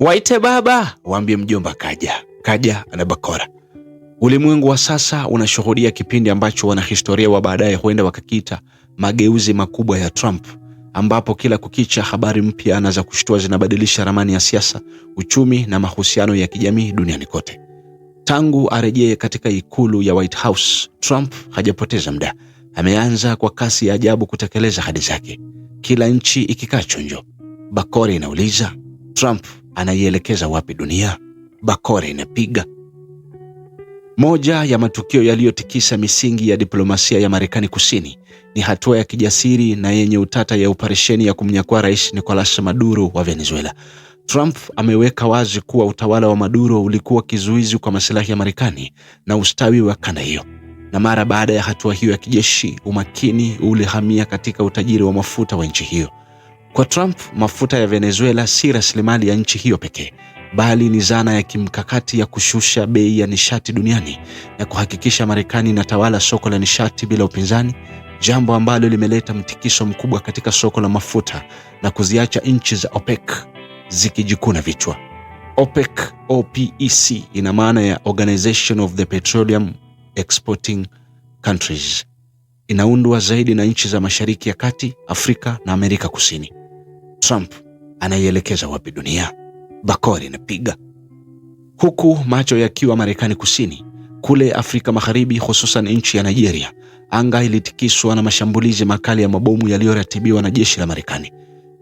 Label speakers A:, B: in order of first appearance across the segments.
A: Waite baba, waambie mjomba kaja, kaja na bakora. Ulimwengu wa sasa unashuhudia kipindi ambacho wanahistoria wa baadaye huenda wakakiita mageuzi makubwa ya Trump, ambapo kila kukicha habari mpya na za kushtua zinabadilisha ramani ya siasa, uchumi na mahusiano ya kijamii duniani kote. Tangu arejee katika ikulu ya White House, Trump hajapoteza muda. Ameanza kwa kasi ya ajabu kutekeleza ahadi zake, kila nchi ikikaa chonjo. Bakori inauliza Trump anaielekeza wapi dunia? Bakora inapiga. Moja ya matukio yaliyotikisa misingi ya diplomasia ya Marekani Kusini ni hatua ya kijasiri na yenye utata ya operesheni ya kumnyakua Rais Nicolas Maduro wa Venezuela. Trump ameweka wazi kuwa utawala wa Maduro ulikuwa kizuizi kwa masilahi ya Marekani na ustawi wa kanda hiyo. Na mara baada ya hatua hiyo ya kijeshi, umakini ulihamia katika utajiri wa mafuta wa nchi hiyo. Kwa Trump, mafuta ya Venezuela si rasilimali ya nchi hiyo pekee, bali ni zana ya kimkakati ya kushusha bei ya nishati duniani na kuhakikisha Marekani inatawala soko la nishati bila upinzani, jambo ambalo limeleta mtikiso mkubwa katika soko la mafuta na kuziacha nchi za OPEC zikijikuna vichwa. OPEC, OPEC ina maana ya Organization of the Petroleum Exporting Countries. Inaundwa zaidi na nchi za Mashariki ya Kati, Afrika na Amerika Kusini. Trump anaielekeza wapi dunia? Bakori inapiga huku, macho yakiwa Marekani Kusini. Kule Afrika Magharibi, hususan nchi ya Nigeria, anga ilitikiswa na mashambulizi makali ya mabomu yaliyoratibiwa na jeshi la Marekani.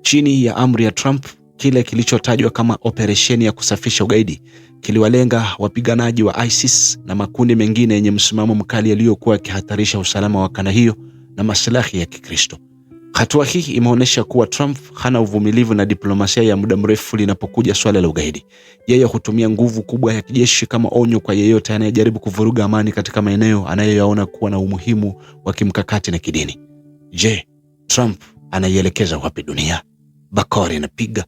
A: Chini ya amri ya Trump, kile kilichotajwa kama operesheni ya kusafisha ugaidi kiliwalenga wapiganaji wa ISIS na makundi mengine yenye msimamo mkali yaliyokuwa yakihatarisha usalama wa kanda hiyo na maslahi ya Kikristo. Hatua hii imeonyesha kuwa Trump hana uvumilivu na diplomasia ya muda mrefu linapokuja swala la ugaidi. Yeye hutumia nguvu kubwa ya kijeshi kama onyo kwa yeyote anayejaribu kuvuruga amani katika maeneo anayoyaona kuwa na umuhimu wa kimkakati na kidini. Je, Trump anaielekeza wapi dunia? Bakori inapiga.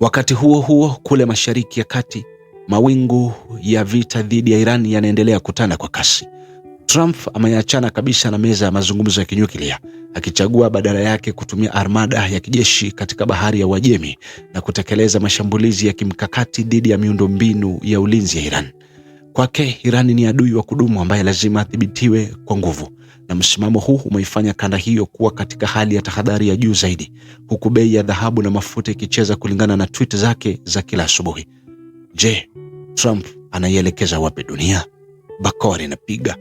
A: Wakati huo huo, kule Mashariki ya Kati, mawingu ya vita dhidi ya Iran yanaendelea kutanda kwa kasi. Trump ameachana kabisa na meza ya mazungumzo ya kinyuklia akichagua badala yake kutumia armada ya kijeshi katika bahari ya Uajemi na kutekeleza mashambulizi ya kimkakati dhidi ya miundombinu ya ulinzi ya Iran. Kwake Iran ni adui wa kudumu ambaye lazima adhibitiwe kwa nguvu, na msimamo huu umeifanya kanda hiyo kuwa katika hali ya tahadhari ya juu zaidi, huku bei ya dhahabu na mafuta ikicheza kulingana na tweet zake za kila asubuhi. Je, Trump anaielekeza wapi dunia? Bakori inapiga.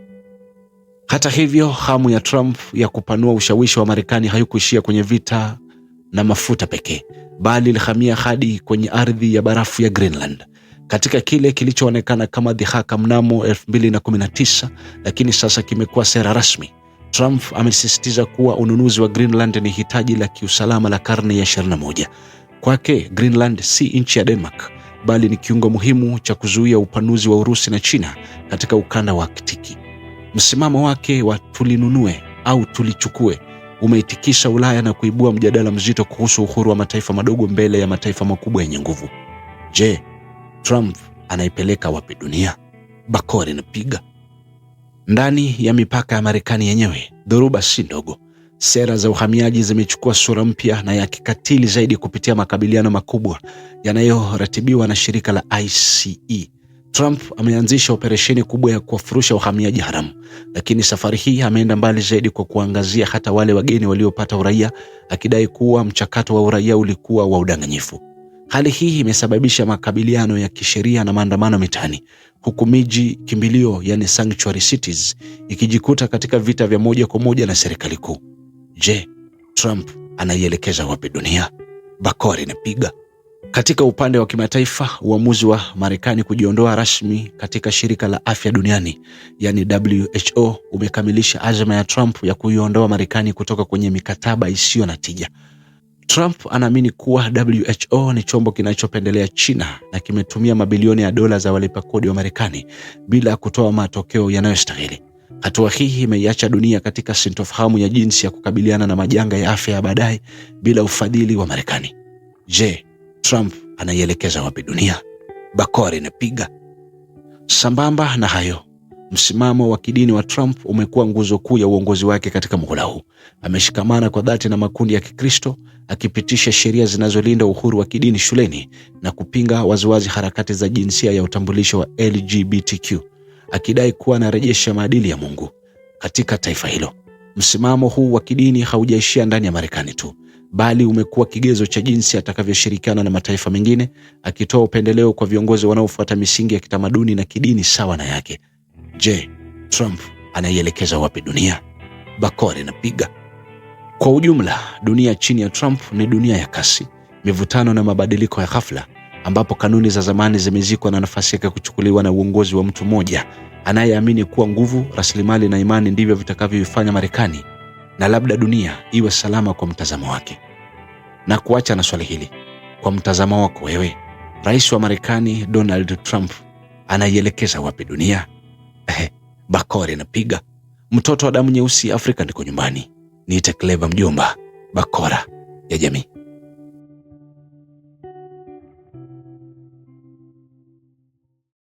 A: Hata hivyo, hamu ya Trump ya kupanua ushawishi wa Marekani haikuishia kwenye vita na mafuta pekee, bali ilihamia hadi kwenye ardhi ya barafu ya Greenland katika kile kilichoonekana kama dhihaka mnamo 2019 lakini sasa kimekuwa sera rasmi. Trump amesisitiza kuwa ununuzi wa Greenland ni hitaji la kiusalama la karne ya 21. Kwake Greenland si nchi ya Denmark, bali ni kiungo muhimu cha kuzuia upanuzi wa Urusi na China katika ukanda wa Aktiki. Msimamo wake wa tulinunue au tulichukue umeitikisha Ulaya na kuibua mjadala mzito kuhusu uhuru wa mataifa madogo mbele ya mataifa makubwa yenye nguvu. Je, Trump anaipeleka wapi dunia? bakori napiga ndani ya mipaka ya Marekani yenyewe. Dhoruba si ndogo. Sera za uhamiaji zimechukua sura mpya na ya kikatili zaidi kupitia makabiliano makubwa yanayoratibiwa na shirika la ICE Trump ameanzisha operesheni kubwa ya kuwafurusha wahamiaji haramu, lakini safari hii ameenda mbali zaidi kwa kuangazia hata wale wageni waliopata uraia, akidai kuwa mchakato wa uraia ulikuwa wa udanganyifu. Hali hii imesababisha makabiliano ya kisheria na maandamano mitaani, huku miji kimbilio, yani sanctuary cities, ikijikuta katika vita vya moja kwa moja na serikali kuu. Je, Trump anaielekeza wapi dunia? Bakori inapiga. Katika upande wa kimataifa, uamuzi wa Marekani kujiondoa rasmi katika shirika la afya duniani yani WHO umekamilisha azma ya Trump ya kuiondoa Marekani kutoka kwenye mikataba isiyo na tija. Trump anaamini kuwa WHO ni chombo kinachopendelea China na kimetumia mabilioni ya dola za walipa kodi wa Marekani bila kutoa matokeo yanayostahili. Hatua hii imeiacha dunia katika sintofahamu ya jinsi ya kukabiliana na majanga ya afya ya baadaye bila ufadhili wa Marekani. Je, Trump anaielekeza wapi dunia? Bakora inapiga sambamba na hayo. Msimamo wa kidini wa Trump umekuwa nguzo kuu ya uongozi wake katika muhula huu. Ameshikamana kwa dhati na makundi ya Kikristo, akipitisha sheria zinazolinda uhuru wa kidini shuleni na kupinga waziwazi harakati za jinsia ya utambulisho wa LGBTQ, akidai kuwa anarejesha maadili ya Mungu katika taifa hilo. Msimamo huu wa kidini haujaishia ndani ya Marekani tu, bali umekuwa kigezo cha jinsi atakavyoshirikiana na mataifa mengine, akitoa upendeleo kwa viongozi wanaofuata misingi ya kitamaduni na kidini sawa na yake. Je, Trump anaielekeza wapi dunia? Bakora inapiga kwa ujumla. Dunia chini ya Trump ni dunia ya kasi, mivutano na mabadiliko ya ghafla, ambapo kanuni za zamani zimezikwa na nafasi yake kuchukuliwa na uongozi wa mtu mmoja anayeamini kuwa nguvu, rasilimali na imani ndivyo vitakavyoifanya Marekani na labda dunia iwe salama kwa mtazamo wake. Na kuacha na swali hili, kwa mtazamo wako wewe, rais wa Marekani Donald Trump anaielekeza wapi dunia? Eh, bakora inapiga. Mtoto wa damu nyeusi Afrika ndiko nyumbani. Niite Cleva mjomba, bakora ya jamii.